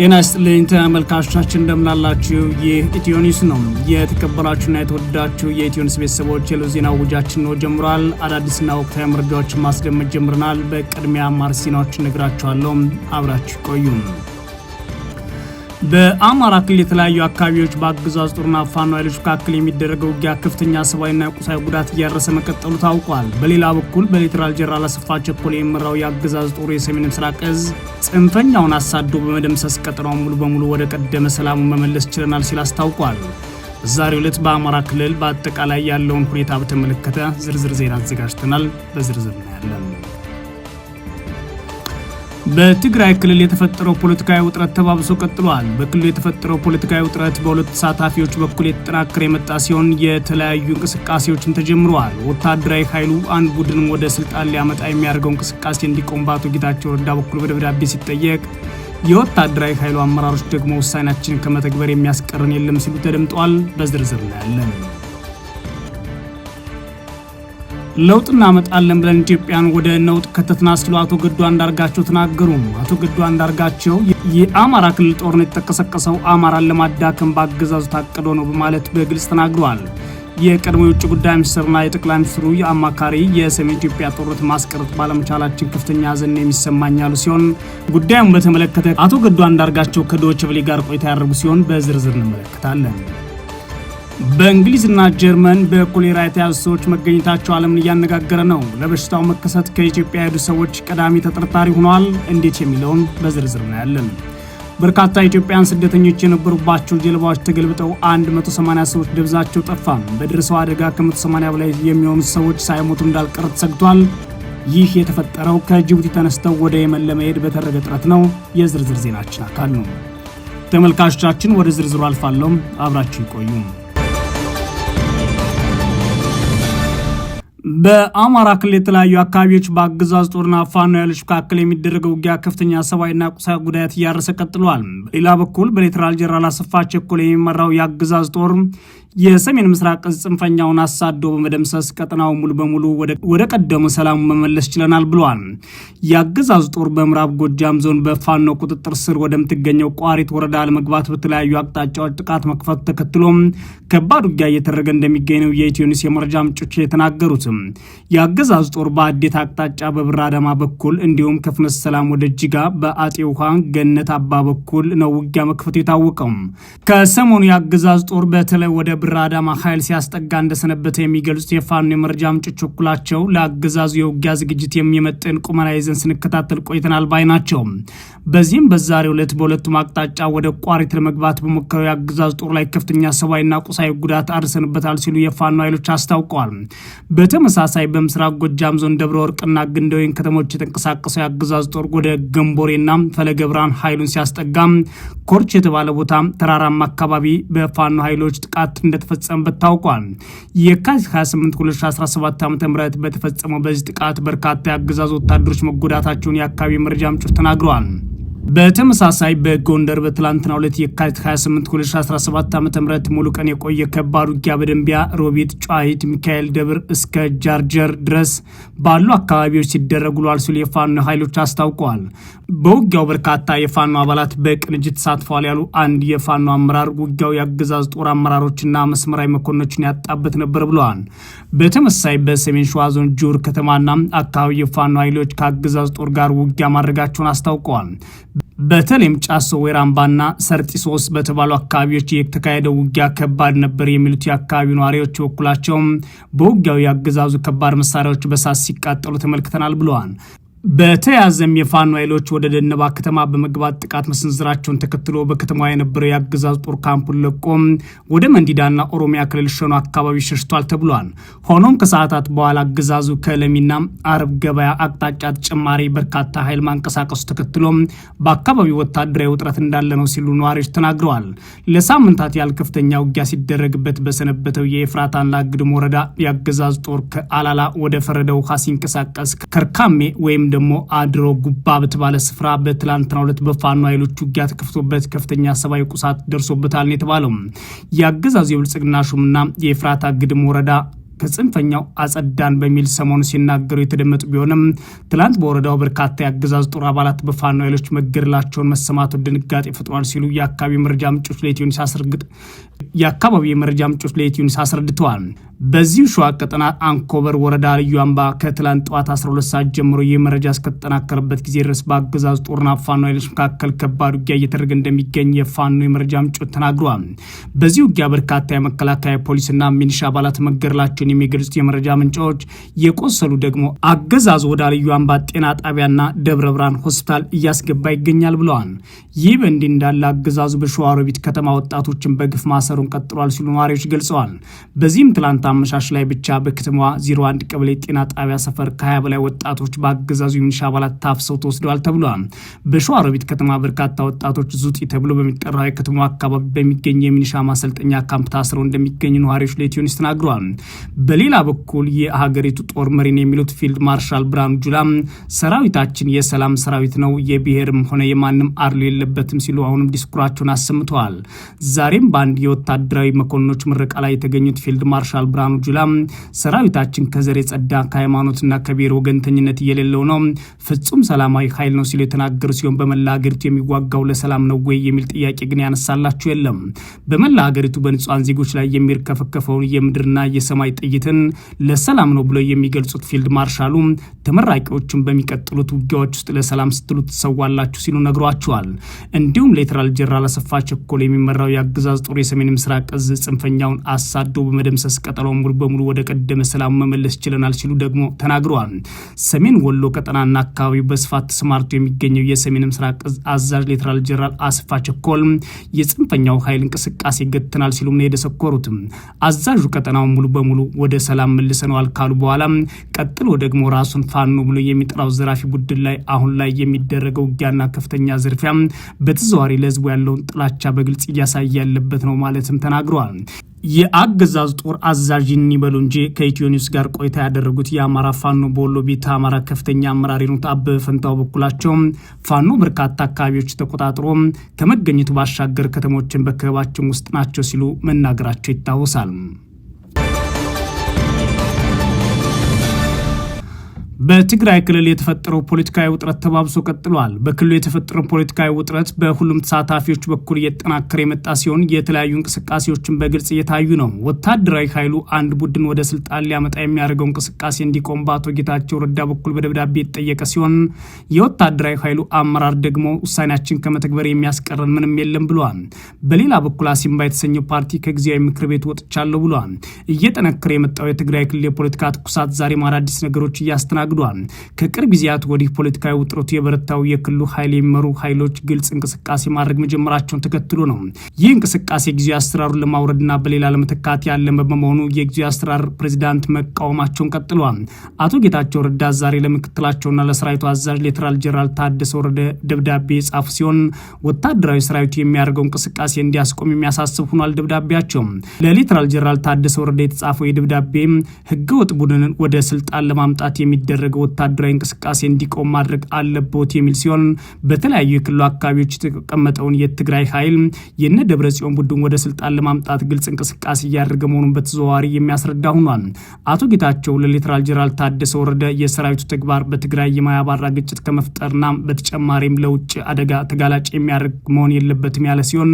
ጤና ይስጥልኝ ተመልካቾቻችን፣ እንደምናላችሁ ይህ ኢትዮ ነው። የተከበራችሁና የተወደዳችሁ የኢትዮኒስ ቤተሰቦች የዕለቱ ዜና ውጃችን ነው ጀምሯል። አዳዲስና ወቅታዊ መረጃዎችን ማስደመጥ ጀምረናል። በቅድሚያ ማርሲናዎችን ነግራችኋለሁ። አብራችሁ ቆዩም በአማራ ክልል የተለያዩ አካባቢዎች በአገዛዝ ጦርና ፋኖ ኃይሎች መካከል የሚደረገው ውጊያ ከፍተኛ ሰብአዊና ቁሳዊ ጉዳት እያደረሰ መቀጠሉ ታውቋል። በሌላ በኩል በሌተናል ጄኔራል አሰፋ ቸኮል የሚመራው የአገዛዝ ጦሩ የሰሜን ምስራቅ እዝ ጽንፈኛውን አሳዶ በመደምሰስ ቀጠናውን ሙሉ በሙሉ ወደ ቀደመ ሰላሙ መመለስ ችለናል ሲል አስታውቋል። ዛሬ ዕለት በአማራ ክልል በአጠቃላይ ያለውን ሁኔታ በተመለከተ ዝርዝር ዜና አዘጋጅተናል። በዝርዝር እናያለን። በትግራይ ክልል የተፈጠረው ፖለቲካዊ ውጥረት ተባብሶ ቀጥሏል። በክልሉ የተፈጠረው ፖለቲካዊ ውጥረት በሁለት ተሳታፊዎች በኩል የተጠናከረ የመጣ ሲሆን የተለያዩ እንቅስቃሴዎችን ተጀምረዋል። ወታደራዊ ኃይሉ አንድ ቡድን ወደ ስልጣን ሊያመጣ የሚያደርገው እንቅስቃሴ እንዲቆም በአቶ ጌታቸው ረዳ በኩል በደብዳቤ ሲጠየቅ፣ የወታደራዊ ኃይሉ አመራሮች ደግሞ ውሳኔያችን ከመተግበር የሚያስቀርን የለም ሲሉ ተደምጠዋል። በዝርዝር እናያለን። ለውጥ እናመጣለን ብለን ኢትዮጵያን ወደ ነውጥ ከተትና ሲሉ አቶ ገዱ አንዳርጋቸው ተናገሩ። አቶ ገዱ አንዳርጋቸው የአማራ ክልል ጦርነት የተቀሰቀሰው አማራን ለማዳከም በአገዛዙ ታቅዶ ነው በማለት በግልጽ ተናግረዋል። የቀድሞ የውጭ ጉዳይ ሚኒስትርና የጠቅላይ ሚኒስትሩ የአማካሪ የሰሜን ኢትዮጵያ ጦርነት ማስቀረት ባለመቻላችን ከፍተኛ ሐዘን የሚሰማኝ ያሉ ሲሆን ጉዳዩን በተመለከተ አቶ ገዱ አንዳርጋቸው ከዶች ብሌ ጋር ቆይታ ያደረጉ ሲሆን በዝርዝር እንመለከታለን። በእንግሊዝና ጀርመን በኮሌራ የተያዙ ሰዎች መገኘታቸው ዓለምን እያነጋገረ ነው። ለበሽታው መከሰት ከኢትዮጵያ የሄዱ ሰዎች ቀዳሚ ተጠርጣሪ ሆኗል እንዴት የሚለውን በዝርዝር እናያለን። በርካታ ኢትዮጵያውያን ስደተኞች የነበሩባቸው ጀልባዎች ተገልብጠው 180 ሰዎች ደብዛቸው ጠፋ። በደረሰው አደጋ ከ180 በላይ የሚሆኑ ሰዎች ሳይሞቱ እንዳልቀረ ተሰግቷል። ይህ የተፈጠረው ከጅቡቲ ተነስተው ወደ የመን ለመሄድ በተደረገ ጥረት ነው። የዝርዝር ዜናችን አካል ነው። ተመልካቾቻችን፣ ወደ ዝርዝሩ አልፋለሁም። አብራችሁ ይቆዩ። በአማራ ክልል የተለያዩ አካባቢዎች በአገዛዝ ጦርና ፋኖ ኃይሎች መካከል የሚደረገው ውጊያ ከፍተኛ ሰብአዊና ቁሳዊ ጉዳት እያደረሰ ቀጥሏል። በሌላ በኩል በሌተናል ጀነራል አሰፋ ቸኮል የሚመራው የአገዛዝ ጦር የሰሜን ምስራቅ እዝ ጽንፈኛውን አሳዶ በመደምሰስ ቀጠናው ሙሉ በሙሉ ወደ ቀደሙ ሰላሙ መመለስ ችለናል ብለዋል። የአገዛዝ ጦር በምዕራብ ጎጃም ዞን በፋኖ ቁጥጥር ስር ወደምትገኘው ቋሪት ወረዳ ለመግባት በተለያዩ አቅጣጫዎች ጥቃት መክፈቱ ተከትሎም ከባድ ውጊያ እየተደረገ እንደሚገኝ ነው የኢትዮኒስ የመረጃ ምንጮች የተናገሩትም። የአገዛዝ ጦር በአዴት አቅጣጫ በብር አዳማ በኩል እንዲሁም ከፍኖተ ሰላም ወደ ጅጋ በአጤ ውሃ ገነት አባ በኩል ነው ውጊያ መክፈቱ የታወቀው። ከሰሞኑ የአገዛዝ ጦር በተለይ ወደ ብር አዳማ ኃይል ሲያስጠጋ እንደሰነበተ የሚገልጹት የፋኖ የመረጃ ምንጮች ቸኩላቸው ለአገዛዙ የውጊያ ዝግጅት የሚመጥን ቁመና ይዘን ስንከታተል ቆይተናል ባይ ናቸው። በዚህም በዛሬው ዕለት በሁለቱም አቅጣጫ ወደ ቋሪት ለመግባት በሞከረው የአገዛዝ ጦር ላይ ከፍተኛ ሰብአዊና ቁሳዊ ጉዳት አድርሰንበታል ሲሉ የፋኖ ኃይሎች አስታውቀዋል። በተመሳሳይ በምስራቅ ጎጃም ዞን ደብረ ወርቅና ግንደወይን ከተሞች የተንቀሳቀሰው የአገዛዝ ጦር ወደ ገንቦሬና ፈለገ ብርሃን ኃይሉን ሲያስጠጋ ኮርች የተባለ ቦታ ተራራማ አካባቢ በፋኖ ኃይሎች ጥቃት እንደተፈጸመበት ታውቋል። የካቲት 28 2017 ዓ ም በተፈጸመው በዚህ ጥቃት በርካታ የአገዛዝ ወታደሮች መጎዳታቸውን የአካባቢ መረጃ ምንጮች ተናግረዋል። በተመሳሳይ በጎንደር በትላንትና ሁለት የካቲት 28 2017 ዓ ም ሙሉ ቀን የቆየ ከባድ ውጊያ በደንቢያ ሮቢት፣ ጫሂት፣ ሚካኤል ደብር እስከ ጃርጀር ድረስ ባሉ አካባቢዎች ሲደረግ ውሏል ሲሉ የፋኖ ኃይሎች አስታውቀዋል። በውጊያው በርካታ የፋኖ አባላት በቅንጅት ተሳትፈዋል ያሉ አንድ የፋኖ አመራር ውጊያው የአገዛዝ ጦር አመራሮችና መስመራዊ መኮንኖችን ያጣበት ነበር ብለዋል። በተመሳይ በሰሜን ሸዋ ዞን ጆር ከተማና አካባቢ የፋኖ ኃይሎች ከአገዛዝ ጦር ጋር ውጊያ ማድረጋቸውን አስታውቀዋል። በተለይም ጫሶ ወይራምባና ሰርጢሶስ በተባሉ አካባቢዎች የተካሄደው ውጊያ ከባድ ነበር የሚሉት የአካባቢው ነዋሪዎች በኩላቸውም በውጊያው የአገዛዙ ከባድ መሳሪያዎች በሳት ሲቃጠሉ ተመልክተናል ብለዋል። በተያዘ የፋኖ ኃይሎች ወደ ደነባ ከተማ በመግባት ጥቃት መሰንዘራቸውን ተከትሎ በከተማዋ የነበረው የአገዛዝ ጦር ካምፑን ለቆም ወደ መንዲዳና ኦሮሚያ ክልል ሸኖ አካባቢ ሸሽቷል ተብሏል። ሆኖም ከሰዓታት በኋላ አገዛዙ ከለሚና አረብ ገበያ አቅጣጫ ተጨማሪ በርካታ ኃይል ማንቀሳቀሱ ተከትሎ በአካባቢው ወታደራዊ ውጥረት እንዳለ ነው ሲሉ ነዋሪዎች ተናግረዋል። ለሳምንታት ያህል ከፍተኛ ውጊያ ሲደረግበት በሰነበተው የኤፍራታና ግድም ወረዳ የአገዛዝ ጦር ከአላላ ወደ ፈረደ ውሃ ሲንቀሳቀስ ከርካሜ ወይም ወይም ደግሞ አድሮ ጉባ በተባለ ስፍራ በትላንትና ሁለት በፋኖ ኃይሎች ውጊያ ተከፍቶበት ከፍተኛ ሰብአዊ ቁሳት ደርሶበታል የተባለው የአገዛዙ የብልጽግና ሹምና የኤፍራታ ግድም ወረዳ ከጽንፈኛው አጸዳን በሚል ሰሞኑ ሲናገሩ የተደመጡ ቢሆንም ትላንት በወረዳው በርካታ የአገዛዝ ጦር አባላት በፋኖ ኃይሎች መገደላቸውን መሰማቱ ድንጋጤ ፈጥሯል ሲሉ የአካባቢ መረጃ ምንጮች ለኢትዮኒስ አስረግጥ የአካባቢ የመረጃ ምንጮች ለኢትዮኒስ አስረድተዋል። በዚህ ሸዋ ቀጠና አንኮበር ወረዳ ልዩ አምባ ከትላንት ጠዋት 12 ሰዓት ጀምሮ ይህ መረጃ እስከተጠናከረበት ጊዜ ድረስ በአገዛዝ ጦርና ፋኖ ኃይሎች መካከል ከባድ ውጊያ እየተደረገ እንደሚገኝ የፋኖ የመረጃ ምንጮች ተናግረዋል። በዚህ ውጊያ በርካታ የመከላከያ ፖሊስና ሚኒሻ አባላት መገደላቸውን የሚገልጹት የመረጃ ምንጮች፣ የቆሰሉ ደግሞ አገዛዝ ወደ ልዩ አምባ ጤና ጣቢያና ደብረ ብርሃን ሆስፒታል እያስገባ ይገኛል ብለዋል። ይህ በእንዲህ እንዳለ አገዛዙ በሸዋሮቢት ከተማ ወጣቶችን በግፍ ማሰሩን ቀጥሏል ሲሉ ነዋሪዎች ገልጸዋል። በዚህም ትላንት አመሻሽ ላይ ብቻ በከተማዋ አንድ ቀበሌ ጤና ጣቢያ ሰፈር ከ በላይ ወጣቶች በአገዛዙ የሚሊሻ አባላት ታፍሰው ተወስደዋል ተብሏል። በሸዋሮቢት ከተማ በርካታ ወጣቶች ዙጢ ተብሎ በሚጠራው የከተማዋ አካባቢ በሚገኝ የሚሊሻ ማሰልጠኛ ካምፕ ታስረው እንደሚገኙ ነዋሪዎች ለኢትዮኒስ ተናግረዋል። በሌላ በኩል የሀገሪቱ ጦር መሪን የሚሉት ፊልድ ማርሻል ብርሃኑ ጁላ ሰራዊታችን የሰላም ሰራዊት ነው፣ የብሔርም ሆነ የማንም አድሎ የለበትም ሲሉ አሁንም ዲስኩራቸውን አሰምተዋል። ዛሬም በአንድ የወታደራዊ መኮንኖች ምረቃ ላይ የተገኙት ፊልድ ማርሻል ብርሃኑ ጁላ ሰራዊታችን ከዘር የጸዳ ከሃይማኖትና ከብሔር ወገንተኝነት እየሌለው ነው፣ ፍጹም ሰላማዊ ኃይል ነው ሲሉ የተናገሩ ሲሆን በመላ ሀገሪቱ የሚዋጋው ለሰላም ነው ወይ የሚል ጥያቄ ግን ያነሳላችሁ የለም። በመላ ሀገሪቱ በንጹሐን ዜጎች ላይ የሚርከፈከፈውን የምድርና የሰማይ ጥይትን ለሰላም ነው ብለው የሚገልጹት ፊልድ ማርሻሉ ተመራቂዎችን በሚቀጥሉት ውጊያዎች ውስጥ ለሰላም ስትሉ ትሰዋላችሁ ሲሉ ነግሯቸዋል። እንዲሁም ሌተናል ጄኔራል አሰፋ ቸኮል የሚመራው የአገዛዝ ጦር የሰሜን ምስራቅ እዝ ጽንፈኛውን አሳዶ በመደምሰስ ቀጠሎ ቀጠናውን ሙሉ በሙሉ ወደ ቀደመ ሰላም መመለስ ችለናል ሲሉ ደግሞ ተናግረዋል። ሰሜን ወሎ ቀጠናና አካባቢው በስፋት ተሰማርቶ የሚገኘው የሰሜን ምስራቅ አዛዥ ሌተናል ጀነራል አስፋ ቸኮል የጽንፈኛው ኃይል እንቅስቃሴ ገትናል ሲሉም ነው የደሰኮሩት። አዛዡ ቀጠናውን ሙሉ በሙሉ ወደ ሰላም መልሰነዋል ካሉ በኋላ ቀጥሎ ደግሞ ራሱን ፋኖ ብሎ የሚጠራው ዘራፊ ቡድን ላይ አሁን ላይ የሚደረገው ውጊያና ከፍተኛ ዝርፊያ በተዘዋዋሪ ለህዝቡ ያለውን ጥላቻ በግልጽ እያሳየ ያለበት ነው ማለትም ተናግረዋል። የአገዛዝ ጦር አዛዥ ይበሉ እንጂ ከኢትዮ ኒውስ ጋር ቆይታ ያደረጉት የአማራ ፋኖ በወሎ ቤተ አማራ ከፍተኛ አመራር የሆኑት አበበ ፈንታው በኩላቸው ፋኖ በርካታ አካባቢዎች ተቆጣጥሮ ከመገኘቱ ባሻገር ከተሞችን በክበባችን ውስጥ ናቸው ሲሉ መናገራቸው ይታወሳል። በትግራይ ክልል የተፈጠረው ፖለቲካዊ ውጥረት ተባብሶ ቀጥሏል። በክልሉ የተፈጠረው ፖለቲካዊ ውጥረት በሁሉም ተሳታፊዎች በኩል እየተጠናከረ የመጣ ሲሆን የተለያዩ እንቅስቃሴዎችን በግልጽ እየታዩ ነው። ወታደራዊ ኃይሉ አንድ ቡድን ወደ ስልጣን ሊያመጣ የሚያደርገው እንቅስቃሴ እንዲቆም በአቶ ጌታቸው ረዳ በኩል በደብዳቤ የተጠየቀ ሲሆን የወታደራዊ ኃይሉ አመራር ደግሞ ውሳኔያችን ከመተግበር የሚያስቀረን ምንም የለም ብሏል። በሌላ በኩል አሲምባ የተሰኘው ፓርቲ ከጊዜያዊ ምክር ቤት ወጥቻለሁ ብሏል። እየጠነከረ የመጣው የትግራይ ክልል የፖለቲካ ትኩሳት ዛሬም አዳዲስ ነገሮች እያስተናገ አስተናግዷል። ከቅርብ ጊዜያት ወዲህ ፖለቲካዊ ውጥረቱ የበረታው የክልሉ ኃይል የሚመሩ ኃይሎች ግልጽ እንቅስቃሴ ማድረግ መጀመራቸውን ተከትሎ ነው። ይህ እንቅስቃሴ ጊዜ አሰራሩን ለማውረድና በሌላ ለመተካት ያለመ በመሆኑ የጊዜ አሰራር ፕሬዚዳንት መቃወማቸውን ቀጥሏል። አቶ ጌታቸው ረዳ ዛሬ ለምክትላቸውና ለሰራዊቱ አዛዥ ሌተናል ጄኔራል ታደሰ ወረደ ደብዳቤ የጻፉ ሲሆን ወታደራዊ ሰራዊቱ የሚያደርገው እንቅስቃሴ እንዲያስቆም የሚያሳስብ ሆኗል። ደብዳቤያቸው ለሌተናል ጄኔራል ታደሰ ወረደ የተጻፈው የደብዳቤ ህገወጥ ቡድንን ወደ ስልጣን ለማምጣት የሚደረግ የሚደረገው ወታደራዊ እንቅስቃሴ እንዲቆም ማድረግ አለቦት የሚል ሲሆን በተለያዩ የክልሉ አካባቢዎች የተቀመጠውን የትግራይ ኃይል የነ ደብረ ጽዮን ቡድን ወደ ስልጣን ለማምጣት ግልጽ እንቅስቃሴ እያደረገ መሆኑን በተዘዋዋሪ የሚያስረዳ ሆኗል። አቶ ጌታቸው ለሌተናል ጄኔራል ታደሰ ወረደ የሰራዊቱ ተግባር በትግራይ የማያባራ ግጭት ከመፍጠርና በተጨማሪም ለውጭ አደጋ ተጋላጭ የሚያደርግ መሆን የለበትም ያለ ሲሆን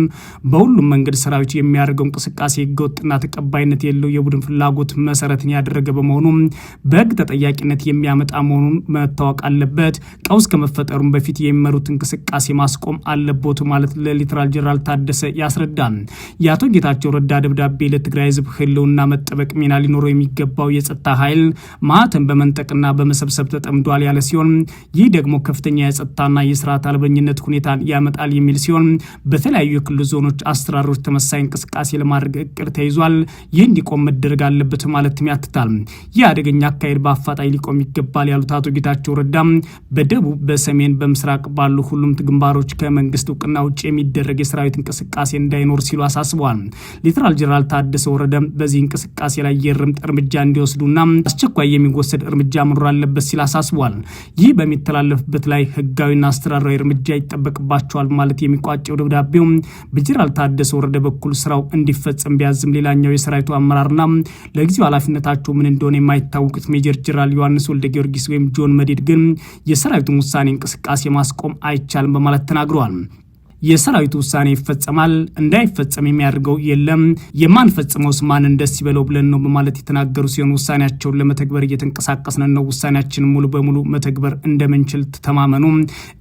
በሁሉም መንገድ ሰራዊቱ የሚያደርገው እንቅስቃሴ ህገወጥና ተቀባይነት የለው የቡድን ፍላጎት መሰረትን ያደረገ በመሆኑ በህግ ተጠያቂነት የሚያ የሚያመጣ መሆኑን መታወቅ አለበት። ቀውስ ከመፈጠሩም በፊት የሚመሩት እንቅስቃሴ ማስቆም አለቦት ማለት ለሌተናል ጀነራል ታደሰ ያስረዳል። የአቶ ጌታቸው ረዳ ደብዳቤ ለትግራይ ህዝብ ህልውና መጠበቅ ሚና ሊኖረው የሚገባው የጸጥታ ኃይል ማህተም በመንጠቅና በመሰብሰብ ተጠምዷል ያለ ሲሆን ይህ ደግሞ ከፍተኛ የጸጥታና የስርዓት አልበኝነት ሁኔታን ያመጣል የሚል ሲሆን በተለያዩ የክልል ዞኖች አሰራሮች ተመሳይ እንቅስቃሴ ለማድረግ እቅድ ተይዟል። ይህ እንዲቆም መደረግ አለበት ማለትም ያትታል። ይህ አደገኛ አካሄድ በአፋጣኝ ሊቆም ይገባል ይገባል ያሉት አቶ ጌታቸው ረዳ በደቡብ በሰሜን በምስራቅ ባሉ ሁሉም ግንባሮች ከመንግስት እውቅና ውጭ የሚደረግ የሰራዊት እንቅስቃሴ እንዳይኖር ሲሉ አሳስበዋል። ሌተናል ጄኔራል ታደሰ ወረደ በዚህ እንቅስቃሴ ላይ የርምጥ እርምጃ እንዲወስዱና አስቸኳይ የሚወሰድ እርምጃ መኖር አለበት ሲል አሳስቧል። ይህ በሚተላለፍበት ላይ ህጋዊና አስተዳደራዊ እርምጃ ይጠበቅባቸዋል ማለት የሚቋጨው ደብዳቤው በጄኔራል ታደሰ ወረደ በኩል ስራው እንዲፈጸም ቢያዝም ሌላኛው የሰራዊቱ አመራርና ለጊዜው ኃላፊነታቸው ምን እንደሆነ የማይታወቁት ሜጀር ጄኔራል ዮሐንስ ወልደ ጊዮርጊስ ወይም ጆን መዴድ ግን የሰራዊቱን ውሳኔ እንቅስቃሴ ማስቆም አይቻልም በማለት ተናግረዋል። የሰራዊት ውሳኔ ይፈጸማል። እንዳይፈጸም የሚያደርገው የለም። የማንፈጽመውስ ማንን ደስ ይበለው ብለን ነው በማለት የተናገሩ ሲሆን ውሳኔያቸውን ለመተግበር እየተንቀሳቀስን ነው። ውሳኔያችን ሙሉ በሙሉ መተግበር እንደምንችል ተማመኑ።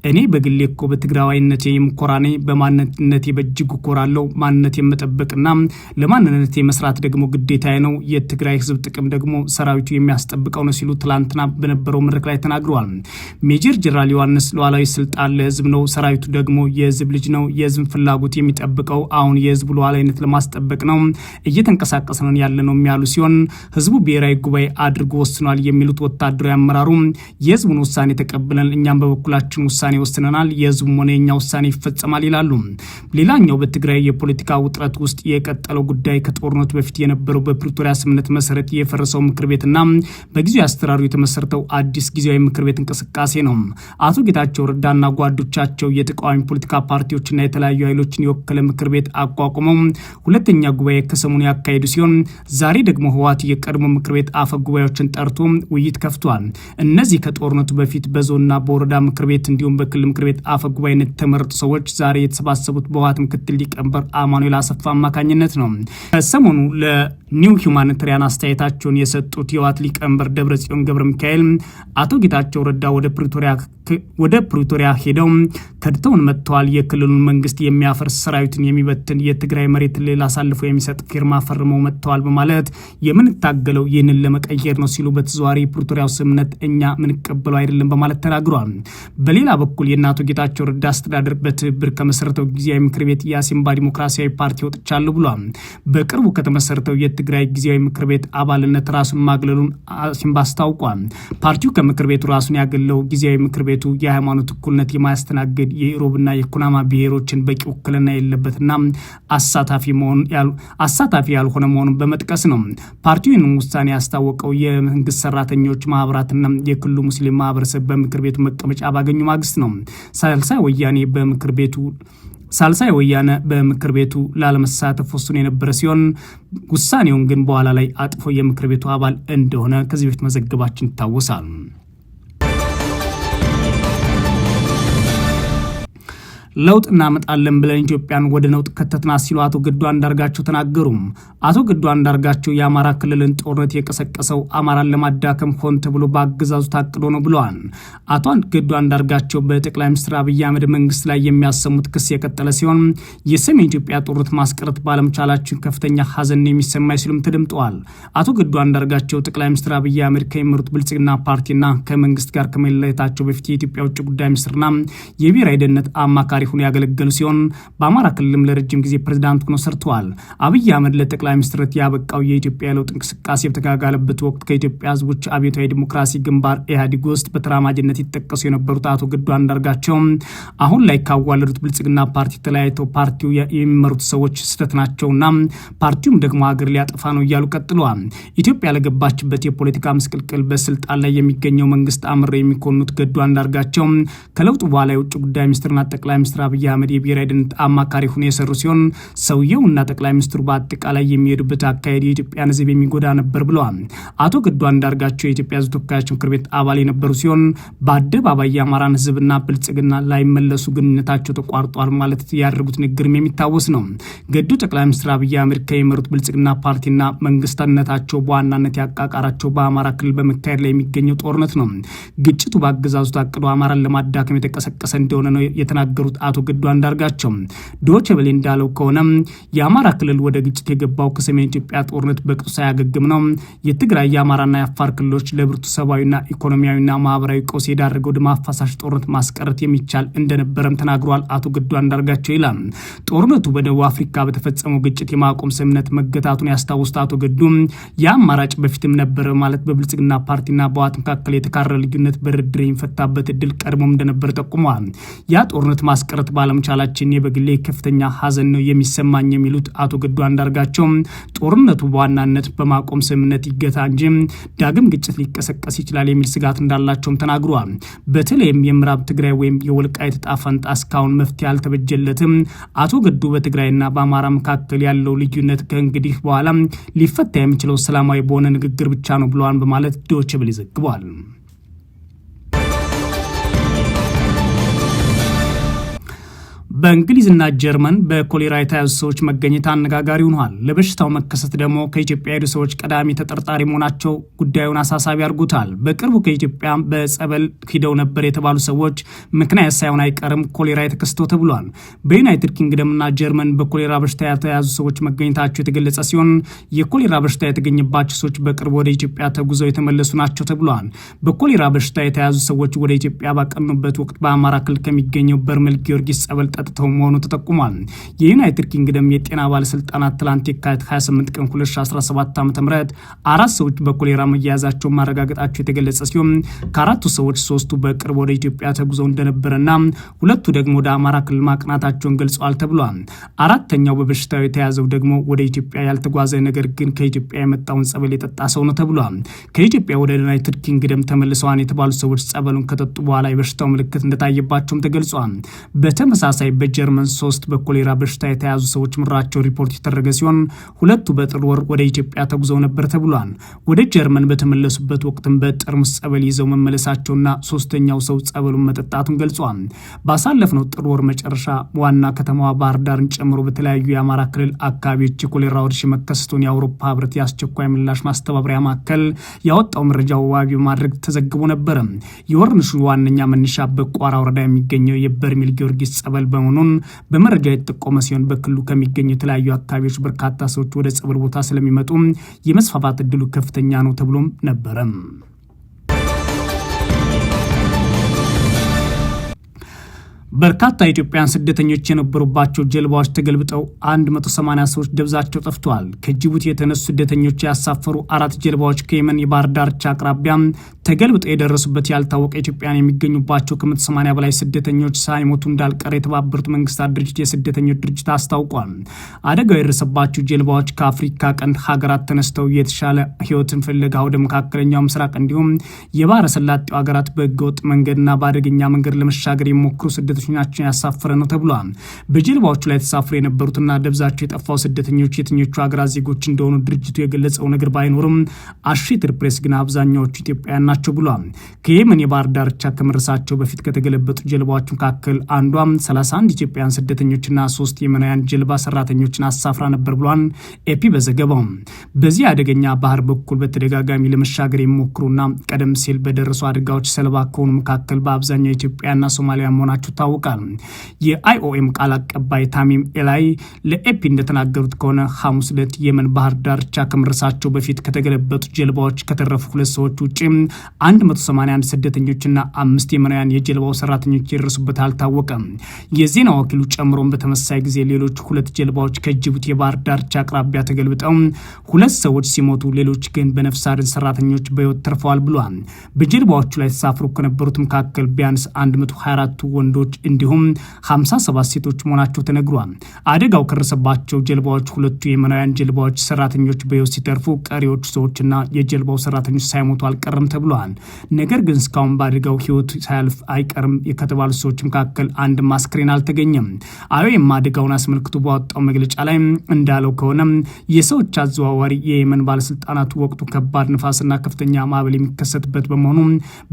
እኔ በግሌ እኮ በትግራዋይነቴ የምኮራኔ በማንነቴ በእጅጉ እኮራለሁ። ማንነት የመጠበቅና ለማንነት መስራት ደግሞ ግዴታ ነው። የትግራይ ህዝብ ጥቅም ደግሞ ሰራዊቱ የሚያስጠብቀው ነው ሲሉ ትላንትና በነበረው መድረክ ላይ ተናግረዋል። ሜጀር ጀነራል ዮሐንስ ሉዓላዊ ስልጣን ለህዝብ ነው፣ ሰራዊቱ ደግሞ የህዝብ ልጅ ነው። የህዝብን ፍላጎት የሚጠብቀው አሁን የህዝቡ ሉዓላዊነት ለማስጠበቅ ነው እየተንቀሳቀስን ያለ ነው የሚያሉ ሲሆን ህዝቡ ብሔራዊ ጉባኤ አድርጎ ወስኗል የሚሉት ወታደራዊ አመራሩ የህዝቡን ውሳኔ ተቀብለን እኛም በበኩላችን ውሳኔ ወስነናል፣ የህዝቡም ሆነ የኛ ውሳኔ ይፈጸማል ይላሉ። ሌላኛው በትግራይ የፖለቲካ ውጥረት ውስጥ የቀጠለው ጉዳይ ከጦርነቱ በፊት የነበረው በፕሪቶሪያ ስምምነት መሰረት የፈረሰው ምክር ቤትና በጊዜያዊ አስተዳደሩ የተመሰረተው አዲስ ጊዜያዊ ምክር ቤት እንቅስቃሴ ነው። አቶ ጌታቸው ረዳና ጓዶቻቸው የተቃዋሚ ፖለቲካ ፓርቲዎች ፓርቲዎችና የተለያዩ ኃይሎችን የወከለ ምክር ቤት አቋቁመው ሁለተኛ ጉባኤ ከሰሞኑ ያካሄዱ ሲሆን ዛሬ ደግሞ ህወሓት የቀድሞ ምክር ቤት አፈ ጉባኤዎችን ጠርቶ ውይይት ከፍቷል። እነዚህ ከጦርነቱ በፊት በዞንና በወረዳ ምክር ቤት እንዲሁም በክልል ምክር ቤት አፈ ጉባኤነት የተመረጡ ሰዎች ዛሬ የተሰባሰቡት በህወሓት ምክትል ሊቀመንበር አማኑኤል አሰፋ አማካኝነት ነው። ከሰሞኑ ለኒው ሁማኒታሪያን አስተያየታቸውን የሰጡት የህወሓት ሊቀመንበር ደብረጽዮን ገብረ ሚካኤል አቶ ጌታቸው ረዳ ወደ ፕሪቶሪያ ሄደው ከድተውን መጥተዋል። የክልሉ መንግስት የሚያፈርስ ሰራዊትን የሚበትን የትግራይ መሬት ሌላ አሳልፎ የሚሰጥ ፊርማ ፈርመው መጥተዋል በማለት የምንታገለው ይህንን ለመቀየር ነው ሲሉ በተዘዋዋሪ ፕሪቶሪያው ስምምነት እኛ ምንቀበለው አይደለም በማለት ተናግረዋል። በሌላ በኩል የእናቶ ጌታቸው ረዳ አስተዳደር በትብብር ከመሰረተው ጊዜያዊ ምክር ቤት የአሲምባ ዲሞክራሲያዊ ፓርቲ ወጥቻለሁ ብሏል። በቅርቡ ከተመሰረተው የትግራይ ጊዜያዊ ምክር ቤት አባልነት ራሱን ማግለሉን አሲምባ አስታውቋል። ፓርቲው ከምክር ቤቱ ራሱን ያገለው ጊዜያዊ ምክር ቤቱ የሃይማኖት እኩልነት የማያስተናግድ የኢሮብና የኩናማ ብሔሮችን በቂ ውክልና የለበትና አሳታፊ ያልሆነ መሆኑን በመጥቀስ ነው። ፓርቲውን ውሳኔ ያስታወቀው የመንግስት ሰራተኞች ማህበራትና የክልሉ ሙስሊም ማህበረሰብ በምክር ቤቱ መቀመጫ ባገኙ ማግስት ነው። ሳልሳይ ወያኔ በምክር ቤቱ ሳልሳይ ወያነ በምክር ቤቱ ላለመሳተፍ ወስኖ የነበረ ሲሆን ውሳኔውን ግን በኋላ ላይ አጥፎ የምክር ቤቱ አባል እንደሆነ ከዚህ በፊት መዘገባችን ይታወሳል። ለውጥ እናመጣለን ብለን ኢትዮጵያን ወደ ነውጥ ከተትናት ሲሉ አቶ ገዱ አንዳርጋቸው ተናገሩም። አቶ ገዱ አንዳርጋቸው የአማራ ክልልን ጦርነት የቀሰቀሰው አማራን ለማዳከም ሆን ተብሎ በአገዛዙ ታቅዶ ነው ብለዋል። አቶ ገዱ አንዳርጋቸው በጠቅላይ ሚኒስትር አብይ አህመድ መንግስት ላይ የሚያሰሙት ክስ የቀጠለ ሲሆን የሰሜን ኢትዮጵያ ጦርነት ማስቀረት ባለመቻላችን ከፍተኛ ሀዘን የሚሰማ ሲሉም ተደምጠዋል። አቶ ገዱ አንዳርጋቸው ጠቅላይ ሚኒስትር አብይ አህመድ ከሚመሩት ብልጽግና ፓርቲና ከመንግስት ጋር ከመለየታቸው በፊት የኢትዮጵያ ውጭ ጉዳይ ሚኒስትርና የብሔራዊ ደህንነት አማካሪ ተመራማሪ ሆኖ ያገለገሉ ሲሆን በአማራ ክልልም ለረጅም ጊዜ ፕሬዚዳንት ሆኖ ሰርተዋል። አብይ አህመድ ለጠቅላይ ሚኒስትርነት ያበቃው የኢትዮጵያ ለውጥ እንቅስቃሴ በተጋጋለበት ወቅት ከኢትዮጵያ ህዝቦች አብዮታዊ ዲሞክራሲ ግንባር ኢህአዴግ ውስጥ በተራማጅነት ይጠቀሱ የነበሩት አቶ ገዱ አንዳርጋቸው አሁን ላይ ካዋለዱት ብልጽግና ፓርቲ ተለያይተው ፓርቲው የሚመሩት ሰዎች ስህተት ናቸውና ፓርቲውም ደግሞ ሀገር ሊያጠፋ ነው እያሉ ቀጥለዋል። ኢትዮጵያ ለገባችበት የፖለቲካ ምስቅልቅል በስልጣን ላይ የሚገኘው መንግስት አምር የሚኮኑት ገዱ አንዳርጋቸው ከለውጡ በኋላ የውጭ ጉዳይ ሚኒስትርና ጠቅላይ ሚኒስትር ሚኒስትር አብይ አህመድ የብሔራዊ ደህንነት አማካሪ ሆነው የሰሩ ሲሆን ሰውየውና ጠቅላይ ሚኒስትሩ በአጠቃላይ የሚሄዱበት አካሄድ የኢትዮጵያን ሕዝብ የሚጎዳ ነበር ብለዋል። አቶ ገዱ አንዳርጋቸው የኢትዮጵያ ሕዝብ ተወካዮች ምክር ቤት አባል የነበሩ ሲሆን በአደባባይ የአማራን ሕዝብና ብልጽግና ላይመለሱ ግንኙነታቸው ተቋርጧል ማለት ያደረጉት ንግግርም የሚታወስ ነው። ገዱ ጠቅላይ ሚኒስትር አብይ አህመድ ከሚመሩት ብልጽግና ፓርቲና መንግስትነታቸው በዋናነት ያቃቃራቸው በአማራ ክልል በመካሄድ ላይ የሚገኘው ጦርነት ነው። ግጭቱ በአገዛዙ ታቅዶ አማራን ለማዳከም የተቀሰቀሰ እንደሆነ ነው የተናገሩት አቶ ገዱ አንዳርጋቸው ዶቼ ቬለ እንዳለው ከሆነ የአማራ ክልል ወደ ግጭት የገባው ከሰሜን ኢትዮጵያ ጦርነት በቅጡ ሳያገግም ነው። የትግራይ የአማራና የአፋር ክልሎች ለብርቱ ሰብአዊና ኢኮኖሚያዊና ማህበራዊ ቀውስ የዳረገው ደም አፋሳሽ ጦርነት ማስቀረት የሚቻል እንደነበረም ተናግሯል። አቶ ገዱ አንዳርጋቸው ይላል ጦርነቱ በደቡብ አፍሪካ በተፈጸመው ግጭት የማቆም ስምምነት መገታቱን ያስታውሱት አቶ ገዱ የአማራጭ በፊትም ነበረ ማለት በብልጽግና ፓርቲና በዋት መካከል የተካረ ልዩነት በድርድር የሚፈታበት እድል ቀድሞም እንደነበረ ጠቁመዋል። ያ ጦርነት ማስቀ ማስቀረት ባለመቻላችን የበግሌ ከፍተኛ ሀዘን ነው የሚሰማኝ የሚሉት አቶ ገዱ አንዳርጋቸው ጦርነቱ በዋናነት በማቆም ስምምነት ይገታ እንጂ ዳግም ግጭት ሊቀሰቀስ ይችላል የሚል ስጋት እንዳላቸውም ተናግረዋል። በተለይም የምዕራብ ትግራይ ወይም የወልቃይት ዕጣ ፈንታ እስካሁን መፍትሄ አልተበጀለትም። አቶ ገዱ በትግራይና በአማራ መካከል ያለው ልዩነት ከእንግዲህ በኋላ ሊፈታ የሚችለው ሰላማዊ በሆነ ንግግር ብቻ ነው ብለዋል በማለት ዶይቼ ቬለ በእንግሊዝና ጀርመን በኮሌራ የተያዙ ሰዎች መገኘት አነጋጋሪ ሆኗል። ለበሽታው መከሰት ደግሞ ከኢትዮጵያ የሄዱ ሰዎች ቀዳሚ ተጠርጣሪ መሆናቸው ጉዳዩን አሳሳቢ አድርጎታል። በቅርቡ ከኢትዮጵያ በጸበል ሂደው ነበር የተባሉ ሰዎች ምክንያት ሳይሆን አይቀርም ኮሌራ የተከስቶ ተብሏል። በዩናይትድ ኪንግደምና ጀርመን በኮሌራ በሽታ የተያዙ ሰዎች መገኘታቸው የተገለጸ ሲሆን የኮሌራ በሽታ የተገኘባቸው ሰዎች በቅርቡ ወደ ኢትዮጵያ ተጉዘው የተመለሱ ናቸው ተብሏል። በኮሌራ በሽታ የተያዙ ሰዎች ወደ ኢትዮጵያ ባቀኑበት ወቅት በአማራ ክልል ከሚገኘው በርሜል ጊዮርጊስ ጸበል ጠጥ ያመለከተው መሆኑ ተጠቁሟል። የዩናይትድ ኪንግደም የጤና ባለስልጣናት ትላንት የካቲት 28 ቀን 2017 ዓ ም አራት ሰዎች በኮሌራ መያያዛቸውን ማረጋገጣቸው የተገለጸ ሲሆን ከአራቱ ሰዎች ሶስቱ በቅርብ ወደ ኢትዮጵያ ተጉዘው እንደነበረና ሁለቱ ደግሞ ወደ አማራ ክልል ማቅናታቸውን ገልጸዋል ተብሏል። አራተኛው በበሽታው የተያዘው ደግሞ ወደ ኢትዮጵያ ያልተጓዘ ነገር ግን ከኢትዮጵያ የመጣውን ጸበል የጠጣ ሰው ነው ተብሏል። ከኢትዮጵያ ወደ ዩናይትድ ኪንግደም ተመልሰዋን የተባሉ ሰዎች ጸበሉን ከጠጡ በኋላ የበሽታው ምልክት እንደታየባቸውም ተገልጿል። በተመሳሳይ በጀርመን ሶስት በኮሌራ በሽታ የተያዙ ሰዎች ምራቸው ሪፖርት የተደረገ ሲሆን ሁለቱ በጥር ወር ወደ ኢትዮጵያ ተጉዘው ነበር ተብሏል። ወደ ጀርመን በተመለሱበት ወቅትም በጠርሙስ ጸበል ይዘው መመለሳቸውና ሶስተኛው ሰው ጸበሉን መጠጣቱን ገልጿል። ባሳለፍነው ጥር ወር መጨረሻ ዋና ከተማዋ ባህር ዳርን ጨምሮ በተለያዩ የአማራ ክልል አካባቢዎች የኮሌራ ወረርሽኝ መከሰቱን የአውሮፓ ህብረት የአስቸኳይ ምላሽ ማስተባበሪያ ማዕከል ያወጣው መረጃ ዋቢ በማድረግ ተዘግቦ ነበር። የወረርሽኙ ዋነኛ መነሻ በቋራ ወረዳ የሚገኘው የበርሜል ጊዮርጊስ ጸበል በ መሆኑን በመረጃ የተጠቆመ ሲሆን በክልሉ ከሚገኙ የተለያዩ አካባቢዎች በርካታ ሰዎች ወደ ጸበል ቦታ ስለሚመጡ የመስፋፋት እድሉ ከፍተኛ ነው ተብሎም ነበረም። በርካታ ኢትዮጵያውያን ስደተኞች የነበሩባቸው ጀልባዎች ተገልብጠው 180 ሰዎች ደብዛቸው ጠፍተዋል። ከጅቡቲ የተነሱ ስደተኞች ያሳፈሩ አራት ጀልባዎች ከየመን የባህር ዳርቻ አቅራቢያ ተገልብጦ የደረሱበት ያልታወቀ ኢትዮጵያን የሚገኙባቸው ከመቶ ሰማንያ በላይ ስደተኞች ሳይሞቱ እንዳልቀረ የተባበሩት መንግስታት ድርጅት የስደተኞች ድርጅት አስታውቋል። አደጋው የደረሰባቸው ጀልባዎች ከአፍሪካ ቀንድ ሀገራት ተነስተው የተሻለ ህይወትን ፍለጋ ወደ መካከለኛው ምስራቅ እንዲሁም የባህረ ሰላጤው ሀገራት በህገወጥ መንገድና በአደገኛ መንገድ ለመሻገር የሚሞክሩ ስደተኞችን ያሳፈረ ነው ተብሏል። በጀልባዎቹ ላይ ተሳፍሮ የነበሩትና ደብዛቸው የጠፋው ስደተኞች የትኞቹ ሀገራት ዜጎች እንደሆኑ ድርጅቱ የገለጸው ነገር ባይኖርም አሶሼትድ ፕሬስ ግን አብዛኛዎቹ ኢትዮጵያና ናቸው ብሏል። ከየመን የባህር ዳርቻ ከመድረሳቸው በፊት ከተገለበጡ ጀልባዎች መካከል አንዷም 31 ኢትዮጵያውያን ስደተኞችና ሶስት የመናውያን ጀልባ ሰራተኞችን አሳፍራ ነበር ብሏል ኤፒ በዘገባው። በዚህ አደገኛ ባህር በኩል በተደጋጋሚ ለመሻገር የሚሞክሩና ቀደም ሲል በደረሱ አደጋዎች ሰለባ ከሆኑ መካከል በአብዛኛው ኢትዮጵያና ሶማሊያ መሆናቸው ይታወቃል። የአይኦኤም ቃል አቀባይ ታሚም ኤላይ ለኤፒ እንደተናገሩት ከሆነ ሐሙስ ዕለት የመን ባህር ዳርቻ ከመድረሳቸው በፊት ከተገለበጡ ጀልባዎች ከተረፉ ሁለት ሰዎች ውጭ 181 ስደተኞችና አምስት የመናውያን የጀልባው ሰራተኞች የደረሱበት አልታወቀም። የዜና ወኪሉ ጨምሮም በተመሳሳይ ጊዜ ሌሎች ሁለት ጀልባዎች ከጅቡቲ የባህር ዳርቻ አቅራቢያ ተገልብጠው ሁለት ሰዎች ሲሞቱ ሌሎች ግን በነፍስ አድን ሰራተኞች በህይወት ተርፈዋል ብሏል። በጀልባዎቹ ላይ ተሳፍሮ ከነበሩት መካከል ቢያንስ 124 ወንዶች እንዲሁም 57 ሴቶች መሆናቸው ተነግሯል። አደጋው ከደረሰባቸው ጀልባዎች ሁለቱ የመናውያን ጀልባዎች ሰራተኞች በህይወት ሲተርፉ፣ ቀሪዎቹ ሰዎችና የጀልባው ሰራተኞች ሳይሞቱ አልቀረም ተብሏል። ብሏል። ነገር ግን እስካሁን በአደጋው ህይወት ሳያልፍ አይቀርም ከተባሉ ሰዎች መካከል አንድ አስክሬን አልተገኘም። አዮኤም አደጋውን አስመልክቶ በወጣው መግለጫ ላይ እንዳለው ከሆነ የሰዎች አዘዋዋሪ የየመን ባለስልጣናቱ ወቅቱ ከባድ ንፋስና ከፍተኛ ማዕበል የሚከሰትበት በመሆኑ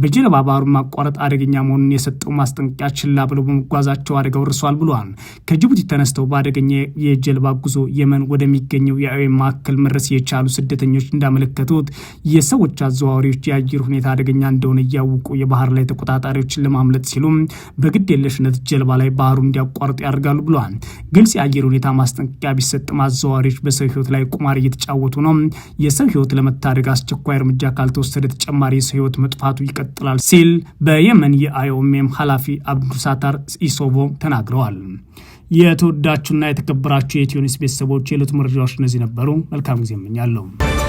በጀልባ ባህሩን ማቋረጥ አደገኛ መሆኑን የሰጠው ማስጠንቀቂያ ችላ ብለው በመጓዛቸው አደጋው ርሷል ብሏል። ከጅቡቲ ተነስተው በአደገኛ የጀልባ ጉዞ የመን ወደሚገኘው የአዮኤም ማዕከል መድረስ የቻሉ ስደተኞች እንዳመለከቱት የሰዎች አዘዋዋሪዎች የአየር ሁኔታ አደገኛ እንደሆነ እያወቁ የባህር ላይ ተቆጣጣሪዎችን ለማምለጥ ሲሉ በግድ የለሽነት ጀልባ ላይ ባህሩ እንዲያቋርጡ ያደርጋሉ ብለዋል። ግልጽ የአየር ሁኔታ ማስጠንቀቂያ ቢሰጥም አዘዋዋሪዎች በሰው ህይወት ላይ ቁማር እየተጫወቱ ነው። የሰው ህይወት ለመታደግ አስቸኳይ እርምጃ ካልተወሰደ ተጨማሪ የሰው ህይወት መጥፋቱ ይቀጥላል ሲል በየመን የአይኦኤም ኃላፊ አብዱሳታር ኢሶቮ ተናግረዋል። የተወዳችሁና የተከበራችሁ የኢትዮ ኒውስ ቤተሰቦች የዕለቱ መረጃዎች እነዚህ ነበሩ። መልካም ጊዜ እመኛለሁ።